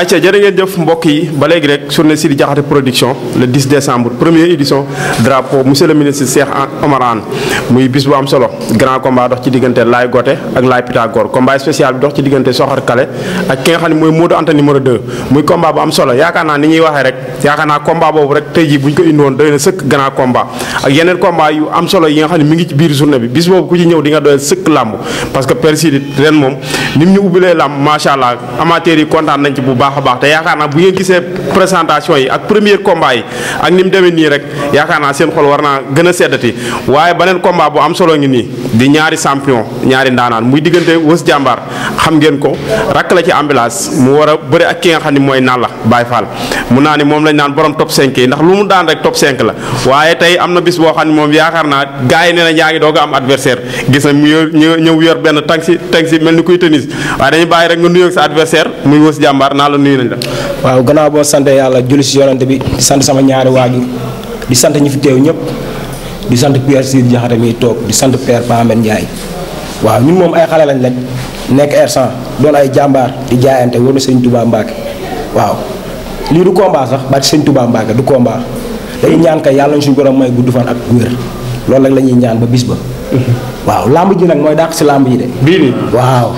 ayca jërë ngeen jëf mbokk yi ba léegi rek journée Sidi Diakhaté production le décembre première édition drapeau monsieur le ministre Cheikh Oumar Anne muy bis bu am solo grand combat dox ci diggante Laay Gote ak Laay Pythagore combat spécial bi dox ci diggante Soxor Kale ak ki nga xam ne mooy Modou Anta numéro muy combat bu am solo yaakaar naa ni ñuy waxee rek yaakaar naa combat boobu rek tey jii ko indi doy na sëkk grand combat ak yeneen combat yu am baax a baax te yaakaar naa bu ngeen gisee présentation yi a seddati waaye xam ngeen ko rakk la ci ambulance mu war a bëri ak ki xam ne mooy Nalla Baye Fall mu naa ni moom lañ naan borom top 5 yi ndax lu mu daan rek top 5 la waaye tey am na bis boo xam ne moom yaakaar naa gars yi nee na yaa ngi doog a am adversaire gis na mu ñëw yor benn tang si tang si mel ni kuy tennis waaye dañu bàyyi rek nga nuyoog sa adversaire muy Weuz Diambar naa la nuyu nañ la. waaw gannaaw boo santee yàlla julli si yonante bi di sant sama ñaari waajur di sant ñu fi teew ñëpp di sant Pierre Sidi Diakhaté mi toog di sant Pierre Pamel Ndiaye waaw ñun moom ay xale lañ lañ nekk R100 doon ay jàmbaar di jaayante wóor na sëñ Touba Mbacke waaw lii du combat sax ba ci sëñ Touba Mbacke du combat dañuy ñaan kay yàlla nañ suñu borom may gudd fan ak wér loolu rek la ñuy ñaan ba bis ba. Mhm. waaw làmb ji nag mooy dàq si làmb ji de. bii nii waaw.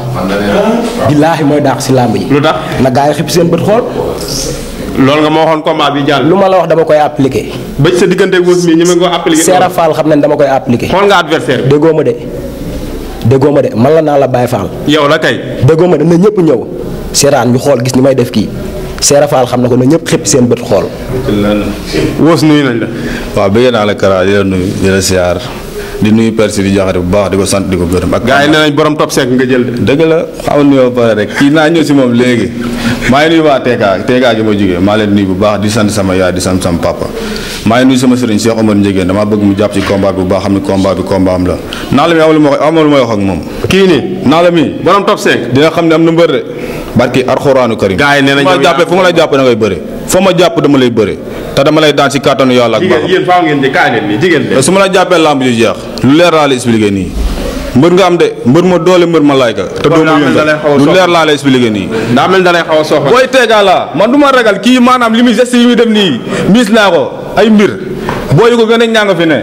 billaahi mooy dàq si làmb ji. lu tax na gaa yi xëpp seen bët xool. loolu nga ma waxoon combat bi jàll. lu ma la wax dama koy appliqué. ba sa diggante ak wóos mi ñu ngi ko appliqué. Seera xam nañ dama koy appliqué. xool nga adversaire bi. déggoo ma de déggoo ma de man la naa la Baye Fall. yow la kay. déggoo ma de ñëpp ñëw seeraan ñu xool gis ni may def kii. Seera Fall xam na ko na ñëpp xëpp seen bët xool. woos nuyu nañ la. waaw bëgg naa la Kara di di nuyu Père Sidi Diakhaté bu baax di ko sant di ko gërëm ak. gars yi nee nañ borom top sec nga jël de. dëgg la xamal nuyoo pare rek kii naa ñëw si moom léegi maa ngi nuyu waa Teeka Teeka gi ma jógee maa leen nuyu bu baax di sant sama yaay di sant sama maa ngi nuyu sama sëriñ Cheikh Omar Ndiéguène damaa bëgg mu jàpp ci combat bi bu baax xam ne combat bi combat am la naa la mi amul ma amul ma wax ak moom. kii nii naa la mi borom top sec. dina xam ne am na mbër de barki Alxuraanu Karim. gars yi nee nañ fu ma la jàppee da ngay bëre fa ma jàpp dama lay bëre te dama lay daan ci kàttanu yàlla ak baax yéen ngeen di kaay leen jigéen su ma la jàppee làmb ju jeex lu leer laa la expliqué nii nga am mbër ma doole mbër ma laay ka te doo ma lu leer laa la expliqué nii daa mel da lay xaw a soofa booy teegaa la man du ma ragal kii maanaam li muy geste yi muy def nii miis naa ko ay mbir booy yu ko gën a ñàng fi ne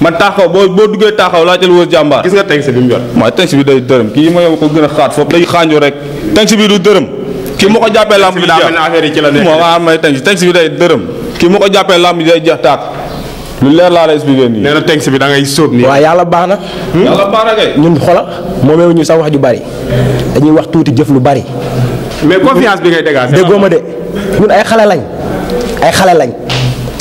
man taxaw boo boo duggee taxaw laa jël wër jàmbaar gis nga teg si bi mu yor ma teg si bi day dërëm kii ma yow ko gën a xaat foofu day xaanju rek teg bii bi du dërëm kii ma ko jàppee lamb bi daa mel ne affaire yi ci la nekk waaw may teg teg bi day dërëm kii ma ko jàppee lamb bi day jeex taak lu leer laa la expliqué nii. nee na teg bi da ngay sóob nii. waaw yàlla baax na. Hmm? yàlla baax na kay. ñun xola moomeewu ñu sax wax ju bari dañuy wax tuuti jëf lu bari. mais confiance bi ngay dégager. déggoo ma de ñun ay xale lañ ay xale lañ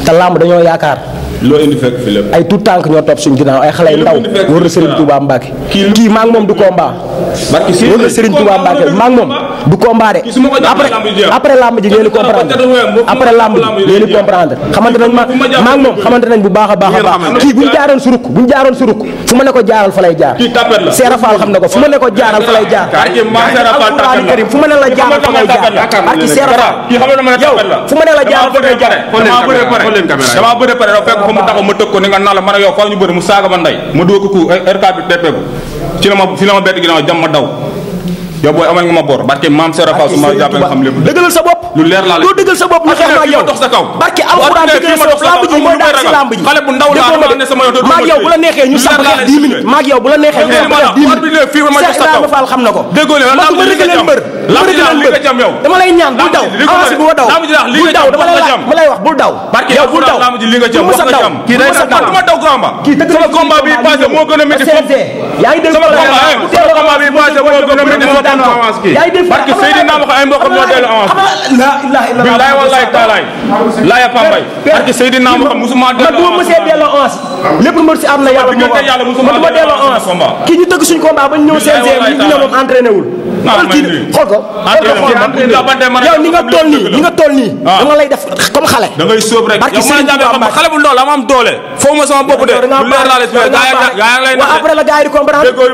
te lamb dañoo yaakaar. loo indi fekk fi ay tout tànk ñoo topp suñu ginnaaw ay xale ndaw wër na Serigne Touba kii maa moom du combat wër na Serigne Touba Mbacke moom du combat de après après lamb ji ngeen comprendre après lamb ji moom xamante bu baax a baax a baax kii bu ñu jaaroon suruk bu jaaroon suruk fu ma ne ko jaaral fa lay jaar seerafaal xam na ko fu ma ne ko jaaral fa lay jaar alxuraan karim fu ma ne la jaaral fa lay jaar barki seerafaal yow fu ma ne la jaaral fa mu taxaw ma tëgg ko ni nga naa la man a yow faaw ñu bëri mu saaga ma ndey ma dugg ko ku RK bi teppee ko ci la ma ci la ma bett ginnaaw jam ma daw yow booy amal nga ma bor barke maam Serap Fass ma jàpp nga xam lépp dëggal sa bopp lu leer laa la doo dëggal sa bopp ndax ma yow dox sa kaw barke alxuraan dëggal sa bopp lamb ji mooy daal ci lamb ji xale bu ndaw laa ne sama yoon doo maag yow bu la neexee ñu samp xeex 10 minutes maag yow bu la neexee ñu samp xeex 10 minutes Cheikh Ibrahima Fall xam na ko déggoo leen mbër li nga jam yow dama lay ñaan ma daw bul daw dama lay laaj ma a métti eh, a métti fop avance duma mësee dellu avance lépp mbër si am na yàlla moo wax man ñu tëgg suñu combat ba ñu ñëw ñu ñëw moom waa kii xool nga toll nga toll nii ah. dama comme xale da ngay sóob rek yow mën naa xam xale bu ndaw la ma am doole foo ma sama bopp de lu leer laa la gaa lay wax après la gars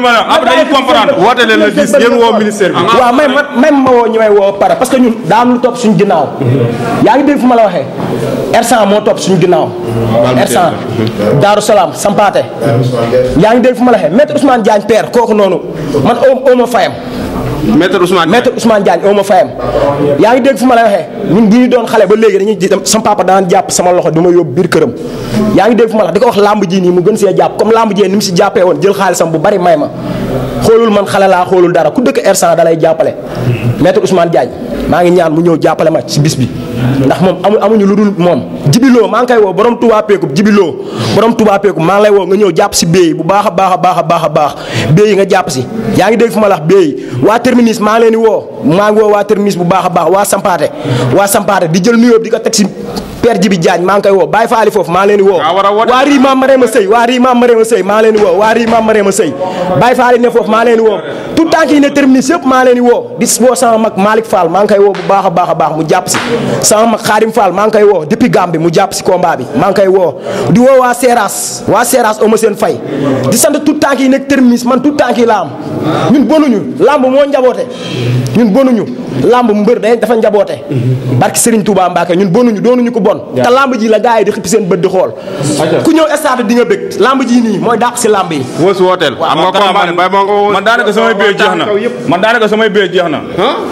ma après dañu comprendre woote leen may ma woo ñu may woo pare parce que ñun daa am lu topp suñu ginnaaw mhm. yaa ngi dégg fu ma la waxee mhm. R100 moo topp suñu ginnaaw R100 mhm. Sampaate yaa ngi dégg fu ma la waxee maître Ousmane Diagne kooku noonu man oma fayam maître Ousmane maître Ousmane Diagne aw ma fayam yaa ngi dégg fu ma lay waxee ñun bu ñu doon xale ba léegi dañuy sama papa daan jàpp sama loxo du ma yóbbu biir këram yaa ngi dégg fu ma la di ko wax làmb ji nii mu gën see jàpp comme làmb jee ni mu si jàppee woon jël xaalisam bu bari may ma xoolul man xale laa xoolul dara ku dëkk R100 da lay jàppale maître Ousmane Diagne maa ngi ñaan mu ñëw jàppale ma si bis bi ndax moom amu amuñu lu dul moom jibiloo maa ngi koy woo borom Touba Peku jibiloo borom Touba Peku maa ngi lay woo nga ñëw jàpp si béy bu baax a baax a baax a a baax béy nga jàpp yaa ngi dégg fu ma la wax béy waa terminus maa ngi woo maa ngi woo waa terminus bu baax a baax waa Sampaate waa Sampaate di jël nuyoo di ko teg si père Jibi Diagne maa ngi koy woo Baye Faali foofu maa ngi leen di woo waa rii maam Marema Sëy waa rii maam Marema Sëy maa ngi leen ne foofu maa ngi woo tout temps ne terminus yëpp maa ngi woo koy woo bu baax a baax a baax mu jàpp si sama mag Xaadim ngi koy woo depuis Gambie bi mu jàpp si combat bi maa ngi koy woo di woo waa Seras waa Seras ama seen fay di sant tout tànk yi nekk termis man tout tànk yi la am ñun bonuñu làmb moo njaboote ñun bonuñu làmb mbër day dafa njaboote barki Serigne Touba Mbacke ñun bonuñu doonuñu ko bon te làmb ji la gars yi di xippi seen bët di xool ku ñëw stade di nga bëgg làmb ji nii mooy dàq si làmb yi woosu wooteel am nga combat bay moo nga man daanaka samay bee jeex na man jeex na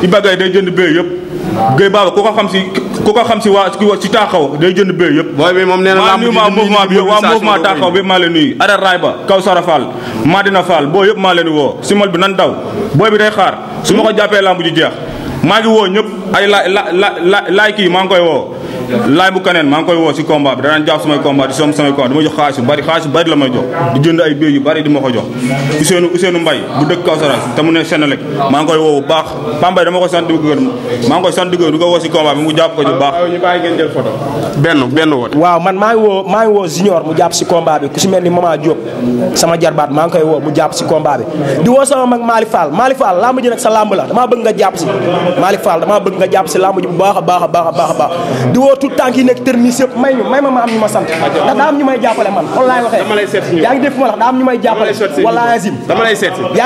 i bagay day jënd bee yëpp Guèye Baba ku ko xam si ku ko xam si waa ci taaxaw day jënd béy yëpp. booy bi moom nee na maa nuyu waa mouvement bi waa mouvement taaxaw bi maa leen nuyu. Ada Raay ba Kaw Sara Fall Madina Fall boo yëpp maa leen woo simal bi nan daw booy bi day xaar su ma ko jàppee lamb ji jeex maa ngi woo ñëpp ay la la la laay kii maa ngi koy woo. laay bu keneen maa ngi koy woo ma jox xaalis yu bari xaalis yu bari la may jox di jënd ay béy yu bari di ma ko jox Ousseynou Ousseynou Mbaye mu nekk maa ngi koy woo si combat bi mu jàpp sama jarbaat bi di woo sama mag Malick Fall Malick Fall lamb ji nag sa lamb la damaa bëgg nga jàpp si Malick Fall damaa bëgg nga jàpp si lamb ji bu baax a baax a baax a baax woo tout temps yi ñu may ma ma am ñu ma may jàppale man xol laay waxee yaa ngi def ma lax daa ngi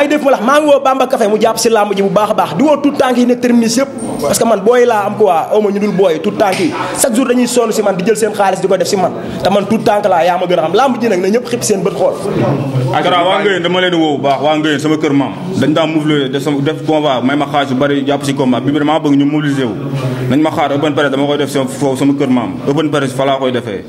def ma lax maa ngi woo Bamba Café mu jàpp si làmb ji bu baax a baax di woo tout temps yi nekk termis yëpp parce que man booy laa am quoi aw ma ñu dul booy tout tànk chaque jour dañuy sonn si man di jël seen xaalis di ko def si man te man tout tànk laa yaa ma gën a xam lamb ji nag na ñëpp xip seen bët xool akara ah, waa Ngéyeen dama leen woowu baax waa Ngéyeen sama kër maam dañ daa mouvle def sama def convoi may ma xaalis bu bëri jàpp si combat bi bi damaa bëgg ñu mobiliser nañ ma xaar open press dama koy def sama kër maam open press fa koy defee